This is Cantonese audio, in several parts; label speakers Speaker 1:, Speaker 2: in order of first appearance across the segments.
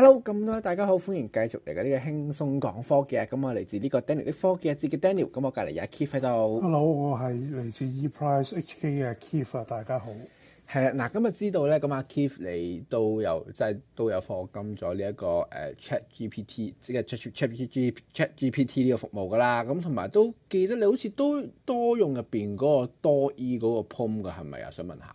Speaker 1: hello，咁多大家好，歡迎繼續嚟嘅呢個輕鬆講科技咁、嗯、我嚟自呢個 Daniel 啲科技，自己 Daniel，咁、嗯、我隔籬有 Keith 喺度。Hello，
Speaker 2: 我係嚟自 Eprice HK 嘅 Keith 啊，K K iff，大家好。
Speaker 1: 係啊，嗱、嗯，今日知道咧，咁阿 Keith 你都有即係都有課金咗呢一個誒 Chat、uh, GPT，即係 Chat Chat G t, Chat GPT 呢個服務噶啦，咁同埋都記得你好似都多用入邊嗰個多 E 嗰個 prompt 噶，係咪啊？想問下。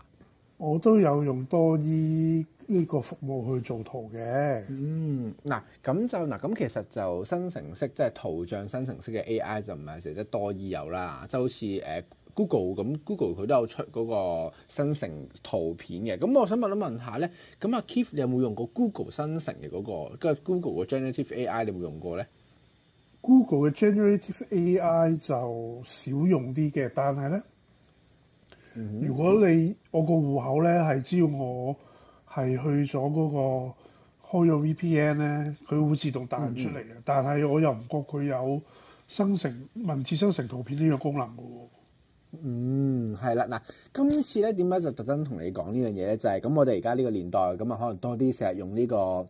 Speaker 2: 我都有用多 E。呢個服務去做圖嘅，
Speaker 1: 嗯，嗱咁就嗱咁其實就生成式即係圖像生成式嘅 AI 就唔係成日多依有啦，就好似誒 Google 咁，Google 佢都有出嗰個生成圖片嘅。咁我想問一問下咧，咁阿 Keith 你有冇用過 Google 生成嘅嗰個，即係 Google 嘅 Generative AI 你有冇用過咧
Speaker 2: ？Google 嘅 Generative AI 就少用啲嘅，但係咧，
Speaker 1: 嗯、如
Speaker 2: 果你、嗯、我個戶口咧係要我。係去咗嗰個開咗 VPN 咧，佢會自動彈出嚟嘅。嗯、但係我又唔覺佢有生成文字、生成圖片呢個
Speaker 1: 功能嘅喎。嗯，係啦。嗱，今次咧點解就特登同你講呢樣嘢咧？就係、是、咁，我哋而家呢個年代咁啊，可能多啲成日用呢個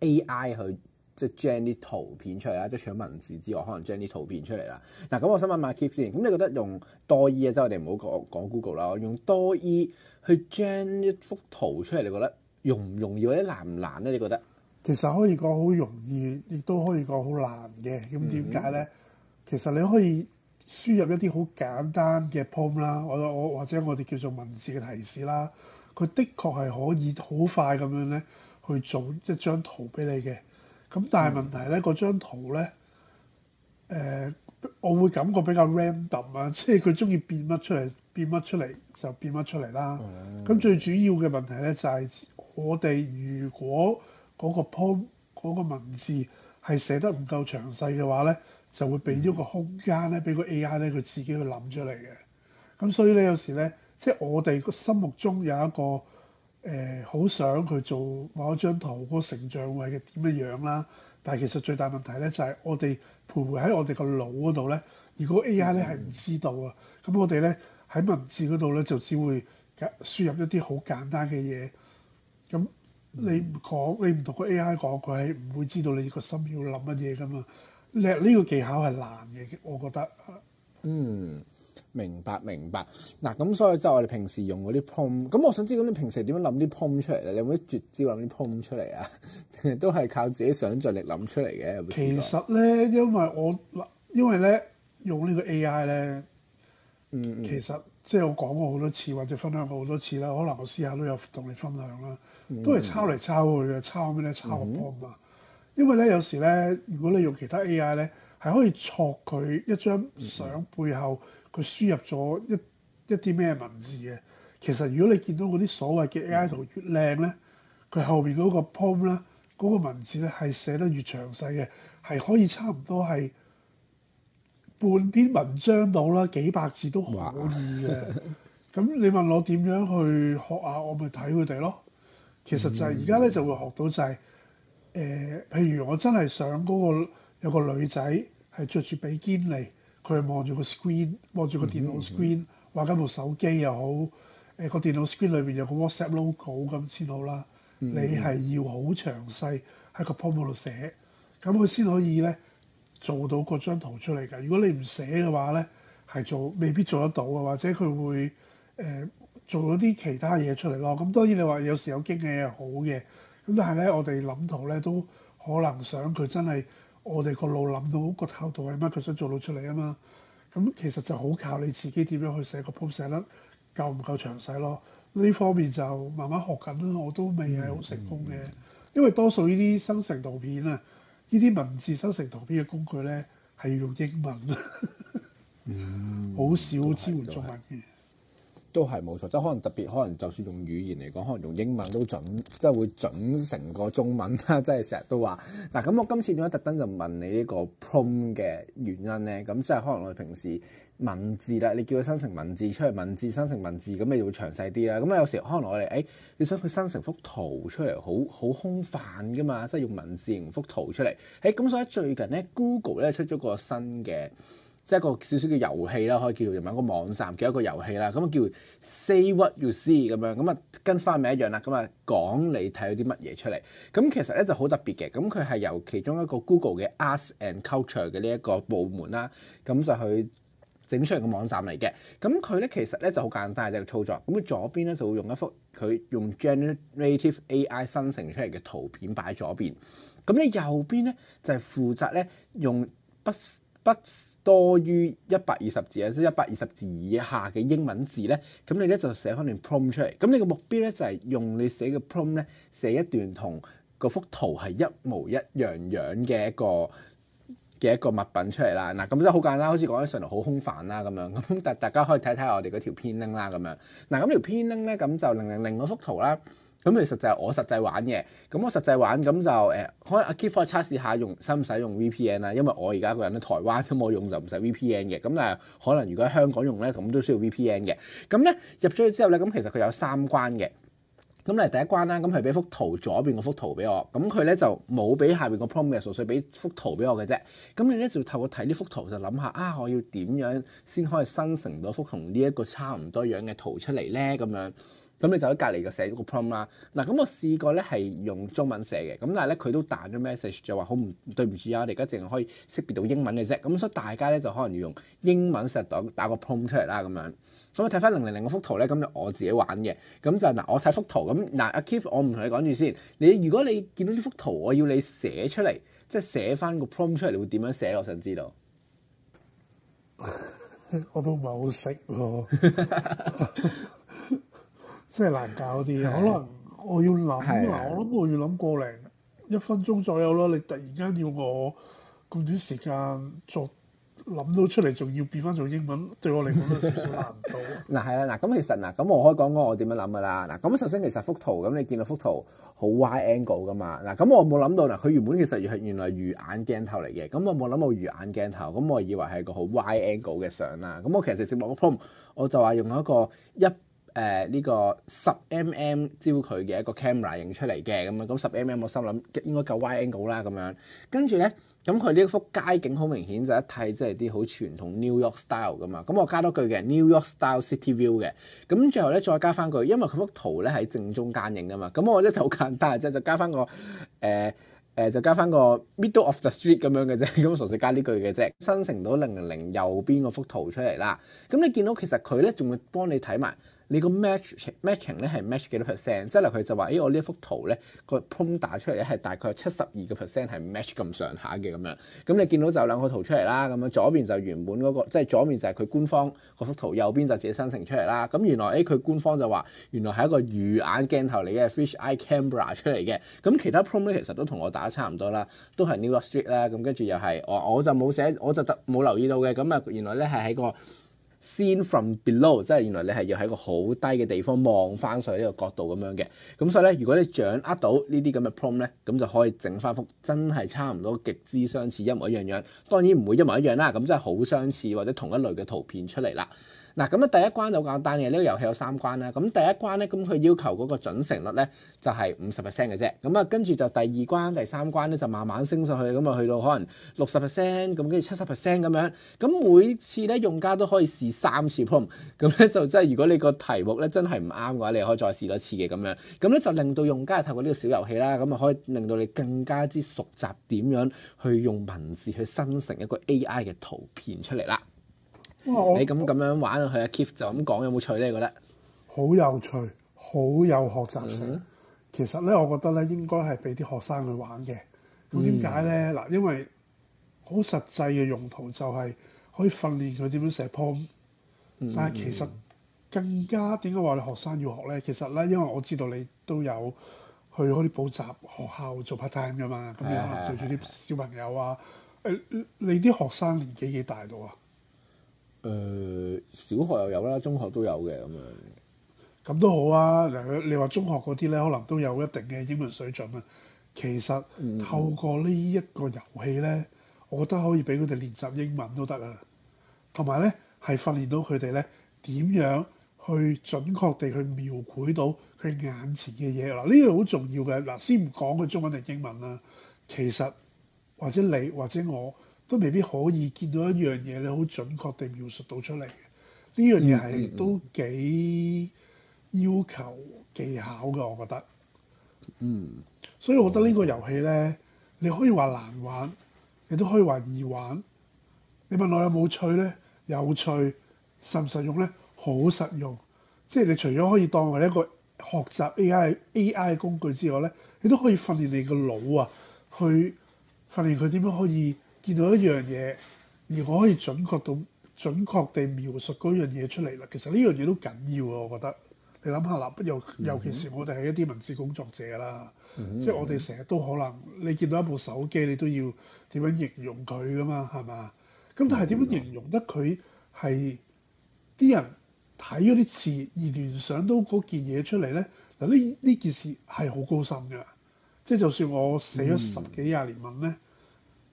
Speaker 1: AI 去即係將啲圖片出嚟啦，即係除咗文字之外，可能將啲圖片出嚟啦。嗱，咁我想問問 Keep 先，咁你覺得用多 E 啊？即係我哋唔好講講 Google 啦，用多 E。去將一幅圖出嚟，你覺得容唔容易或者難唔難咧？你覺得其實可以講好容
Speaker 2: 易，亦都可以講好難嘅。咁點解咧？Mm hmm. 其實你可以輸入一啲好簡單嘅 prompt 啦，我我或者我哋叫做文字嘅提示啦，佢的確係可以好快咁樣咧去做一張圖俾你嘅。咁但係問題咧，嗰、mm hmm. 張圖咧，誒、呃，我會感覺比較 random 啊，即係佢中意變乜出嚟。變乜出嚟就變乜出嚟啦。咁、mm hmm. 最主要嘅問題咧，就係、是、我哋如果嗰個 po 嗰個文字係寫得唔夠詳細嘅話咧，就會俾咗個空間咧俾個 AI 咧佢自己去諗出嚟嘅。咁所以咧有時咧，即、就、係、是、我哋心目中有一個誒好、呃、想去做某一張圖嗰個成像位嘅點樣樣啦。但係其實最大問題咧就係、是、我哋徘徊喺我哋個腦嗰度咧，如果 AI 咧係唔知道啊，咁、mm hmm. 我哋咧。喺文字嗰度咧，就只會輸入一啲好簡單嘅嘢。咁你唔講你唔同個 AI 講，佢係唔會知道你個心要諗乜嘢噶嘛。叻呢、呢個技巧係難嘅，我覺得。
Speaker 1: 嗯，明白明白。嗱、啊、咁，所以就我哋平時用嗰啲 prompt。咁我想知道，道你平時點樣諗啲 prompt 出嚟，你有冇啲絕招諗啲 prompt 出嚟啊？ 是都係靠自己想像力諗出嚟嘅。有，有，其實咧，因為我嗱，因為咧用呢個
Speaker 2: AI 咧。嗯，其實即係我講過好多次，或者分享過好多次啦。可能我私下都有同你分享啦，都係抄嚟抄去嘅，抄咩咧？抄個 prompt 啊。 因為咧，有時咧，如果你用其他 AI 咧，係可以捉佢一張相背後佢輸入咗一一啲咩文字嘅。其實如果你見到嗰啲所謂嘅 AI 圖越靚咧，佢 後面嗰個 prompt 啦，嗰、嗰個文字咧係寫得越詳細嘅，係可以差唔多係。半篇文章到啦，幾百字都可以嘅。咁哇你問我點樣去學啊？我咪睇佢哋咯。其實就係而家咧就會學到就係、是，誒、呃，譬如我真係想嗰、那個有個女仔係着住比堅尼，佢係望住個 screen，望住個電腦 screen，玩緊、嗯嗯嗯、部手機又好，誒、呃、個電腦 screen 裏面有個 WhatsApp logo 咁先好啦。嗯嗯、你係要好詳細喺個 prompt 度寫，咁佢先可以咧。做到嗰張圖出嚟㗎。如果你唔寫嘅話咧，係做未必做得到嘅，或者佢會誒、呃、做咗啲其他嘢出嚟咯。咁當然你話有時有經理係好嘅，咁但係咧我哋諗圖咧都可能想佢真係我哋個腦諗到個構圖係乜，佢想做到出嚟啊嘛。咁其實就好靠你自己點樣去寫個 prompt 寫得夠唔夠詳細咯。呢方面就慢慢學緊啦。我都未係好成功嘅，嗯嗯嗯、因為多數呢啲生成圖片啊。呢啲文字生成圖片嘅工具咧，係要用英文，
Speaker 1: 好、 嗯、少支
Speaker 2: 援中文
Speaker 1: 嘅。都係冇錯，即係可能特別，可能就算用語言嚟講，可能用英文都準，即係會準成個中文啦。即係成日都話，嗱咁我今次點解特登就問你呢個 prompt 嘅原因咧？咁即係可能我哋平時。文字啦，你叫佢生成文字出嚟，文字生成文字咁，你就會詳細啲啦。咁、嗯、啊，有時可能我哋，誒、欸，你想佢生成幅圖出嚟，好好空泛噶嘛，即係用文字唔幅圖出嚟。誒、欸，咁所以最近咧，Google 咧出咗個新嘅，即係一個少少嘅遊戲啦，可以叫做入埋個網站叫一個遊戲啦。咁啊叫 Say What You See 咁樣，咁啊跟翻名一樣啦。咁啊講你睇到啲乜嘢出嚟。咁其實咧就好特別嘅，咁佢係由其中一個 Google 嘅 Arts and Culture 嘅呢一個部門啦，咁就去，整出嚟嘅網站嚟嘅，咁佢咧其實咧就好簡單嘅，就係個操作。咁佢左邊咧就會用一幅佢用 generative AI 生成出嚟嘅圖片擺喺左邊，咁你右邊咧就係負責咧用不不多於一百二十字啊，即一百二十字以下嘅英文字咧，咁你咧就寫翻段 prompt 出嚟。咁你嘅目標咧就係用你寫嘅 prompt 咧寫一段同嗰幅圖係一模一樣樣嘅一個，嘅一個物品出嚟啦，嗱咁即係好簡單，好似講起上嚟好空泛啦咁樣。咁但大家可以睇睇我哋嗰條編鈴啦咁樣。嗱，咁條編鈴咧咁就零零零嗰幅圖啦。咁其實就係我實際玩嘅。咁我實際玩咁就誒，可能阿 Key Four 測試下用使唔使用 VPN 啊，因為我而家個人喺台灣咁，我用就唔使 VPN 嘅。咁但係可能如果喺香港用咧，咁都需要 VPN 嘅。咁咧入咗去之後咧，咁其實佢有三關嘅。咁嚟第一關啦，咁係俾幅圖，左邊嗰幅圖俾我，咁佢咧就冇俾下邊個 prompts，所以俾幅圖俾我嘅啫。咁你咧就透過睇呢幅圖就諗下，啊，我要點樣先可以生成到幅同呢一個差唔多樣嘅圖出嚟咧？咁樣。咁你就喺隔離寫咗個 prompt 啦。嗱、啊，咁我試過咧係用中文寫嘅，咁但係咧佢都彈咗 message 就話好唔對唔住啊！我哋而家淨係可以識別到英文嘅啫。咁、啊、所以大家咧就可能要用英文寫到打個 prompt、um、出嚟啦咁樣。咁我睇翻零零零幅圖咧，咁就我自己玩嘅。咁就嗱，我睇幅圖咁嗱，阿、啊、Keith 我唔同你講住先。你如果你見到呢幅圖，我要你寫出嚟，即係寫翻個 prompt、um、出嚟，你會點樣寫我想知道？
Speaker 2: 我都唔係好識喎。 即係難教啲，可能我要諗嗱，我諗我要諗過嚟一分鐘左右咯。你突然間要我咁短時間做諗到出嚟，仲要變翻做英文，
Speaker 1: 對我嚟講都係少少難度。嗱係啦，嗱咁其實嗱，咁我可以講講我點樣諗噶啦。嗱咁首先其實幅圖咁，你見到幅圖好歪 angle 噶嘛？嗱咁我冇諗到嗱，佢原本其實係原來魚眼鏡頭嚟嘅，咁我冇諗到魚眼鏡頭，咁我以為係一個好歪 angle 嘅相啦。咁我其實直接落個 prompt，我就話用一個一。誒呢、呃呢個十 mm 焦距嘅一個 camera 影出嚟嘅咁樣，咁十 mm 我心諗應該夠 wide angle 啦咁樣。跟住咧，咁佢呢幅街景好明顯就一睇即係啲好傳統 New York style 噶嘛。咁我加多句嘅 New York style city view 嘅。咁最後咧再加翻句，因為佢幅圖咧喺正中間影噶嘛。咁我即係好簡單，即、就、係、是呃呃、就加翻個誒誒就加翻個 middle of the street 咁樣嘅啫。咁純粹加呢句嘅啫，生成到零零零右邊嗰幅圖出嚟啦。咁你見到其實佢咧仲會幫你睇埋。你個 match matching 咧係 match 幾多 percent？即係例如就話，誒、欸、我呢一幅圖咧個 prompt 打出嚟咧係大概七十二個 percent 係 match 咁上下嘅咁樣。咁你見到就兩個圖出嚟啦。咁樣左邊就原本嗰、那個，即、就、係、是、左邊就係佢官方嗰幅圖，右邊就自己生成出嚟啦。咁原來誒佢、欸、官方就話原來係一個魚眼鏡頭嚟嘅 fish eye camera 出嚟嘅。咁其他 prompt 咧其實都同我打差唔多啦，都係 New York Street 啦。咁跟住又係我我就冇寫，我就冇留意到嘅。咁啊原來咧係喺個。Seen from below，即係原來你係要喺個好低嘅地方望翻上呢個角度咁樣嘅。咁所以咧，如果你掌握到呢啲咁嘅 prompt 咧，咁就可以整翻幅真係差唔多，極之相似，一模一樣樣。當然唔會一模一樣啦。咁即係好相似或者同一類嘅圖片出嚟啦。嗱，咁啊第一關就好簡單嘅，呢個遊戲有三關啦。咁第一關咧，咁佢要求嗰個準成率咧就係五十 percent 嘅啫。咁啊，跟住就第二關、第三關咧就慢慢升上去，咁啊去到可能六十 percent，咁跟住七十 percent 咁樣。咁每次咧用家都可以試三次，咁咧就真係如果你個題目咧真係唔啱嘅話，你可以再試多次嘅咁樣。咁咧就令到用家透過呢個小遊戲啦，咁啊可以令到你更加之熟習點樣去用文字去生成一個 AI 嘅圖片出嚟啦。我你咁咁樣玩佢啊，Keith 就咁講，有冇趣咧？你覺得？
Speaker 2: 好有趣，
Speaker 1: 好有
Speaker 2: 學習性。其實咧，我覺得咧，應該係俾啲學生去玩嘅。
Speaker 1: 咁點解
Speaker 2: 咧？嗱、嗯，因為好實際嘅用途就係可以訓練佢點樣寫 prompt。嗯、但係其實更加點解話你學生要學咧？其實咧，因為我知道你都有去開啲補習學校做 part time 噶嘛。咁你可能對住啲小朋友啊，誒、嗯，你啲學生年紀幾大到啊？
Speaker 1: 誒、呃，小學又有啦，中學都有嘅咁樣，咁都好啊。嗱，你話
Speaker 2: 中學嗰啲咧，可能都有一定嘅英文水準啊。其實透過呢一個遊戲咧，我覺得可以俾佢哋練習英文都得啊。同埋咧，係訓練到佢哋咧點樣去準確地去描繪到佢眼前嘅嘢啦。呢樣好重要嘅。嗱，先唔講佢中文定英文啦，其實或者你或者我，都未必可以見到一樣嘢，你好準確地描述到出嚟。呢樣嘢係都幾要求技巧㗎，我覺得。嗯，所以我覺得個遊戲呢個遊戲咧，嗯、你可以話難玩，你都可以話易玩。你問我有冇趣咧？有趣，實唔實用咧？好實用，即係你除咗可以當為一個學習 AI AI 工具之外咧，你都可以訓練你個腦啊，去訓練佢點樣可以。見到一樣嘢，而我可以準確到準確地描述嗰樣嘢出嚟啦。其實呢樣嘢都緊要啊，我覺得。你諗下啦，尤尤其是我哋係一啲文字工作者啦，嗯、哼即係我哋成日都可能你見到一部手機，你都要點樣形容佢噶嘛，係嘛？咁但係點樣形容得佢係啲人睇嗰啲字而聯想到嗰件嘢出嚟咧？嗱，呢呢件事係好高深嘅，即係就算我寫咗十幾廿年文咧。嗯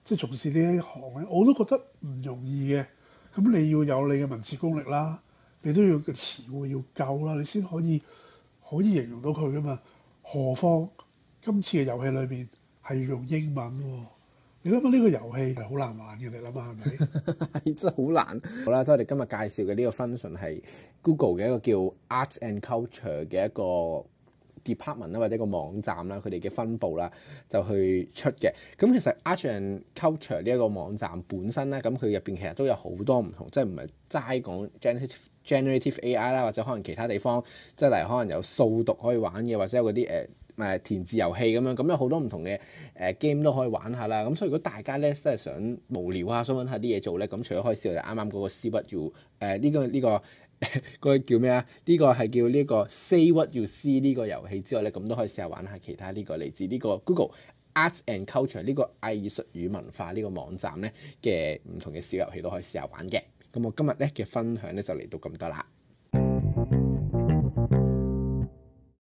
Speaker 2: 即係從事呢一行咧，我都覺得唔容易嘅。咁你要有你嘅文字功力啦，你都要個詞彙要夠啦，你先可以可以形容到佢㗎嘛。何況今次嘅遊戲裏邊係用英文喎，你諗下呢個遊戲就好難玩嘅，你諗下係咪？
Speaker 1: 係真係好難。好啦，即係我哋今日介紹嘅呢個 function 係 Google 嘅一個叫 Art and Culture 嘅一個 department 啦或者個網站啦佢哋嘅分佈啦就去出嘅咁其實 Arts & Culture 呢一個網站本身咧咁佢入邊其實都有好多唔同，即係唔係齋講 generative AI 啦，或者可能其他地方即係例如可能有數獨可以玩嘅，或者有嗰啲誒。呃誒填字遊戲咁樣，咁有好多唔同嘅誒 game 都可以玩下啦。咁所以如果大家咧真係想無聊啊，想揾下啲嘢做咧，咁除咗開始我哋啱啱嗰個 See What You 誒、呃、呢、呢個呢、呢個 個叫咩啊？呢、呢個係叫呢個 Say What You See 呢個遊戲之外咧，咁都可以試下玩下其他呢、呢個嚟、呢個、自呢個 Google Arts and Culture 呢個藝術與文化呢個網站咧嘅唔同嘅小遊戲都可以試下玩嘅。咁我今日咧嘅分享咧就嚟到咁多啦。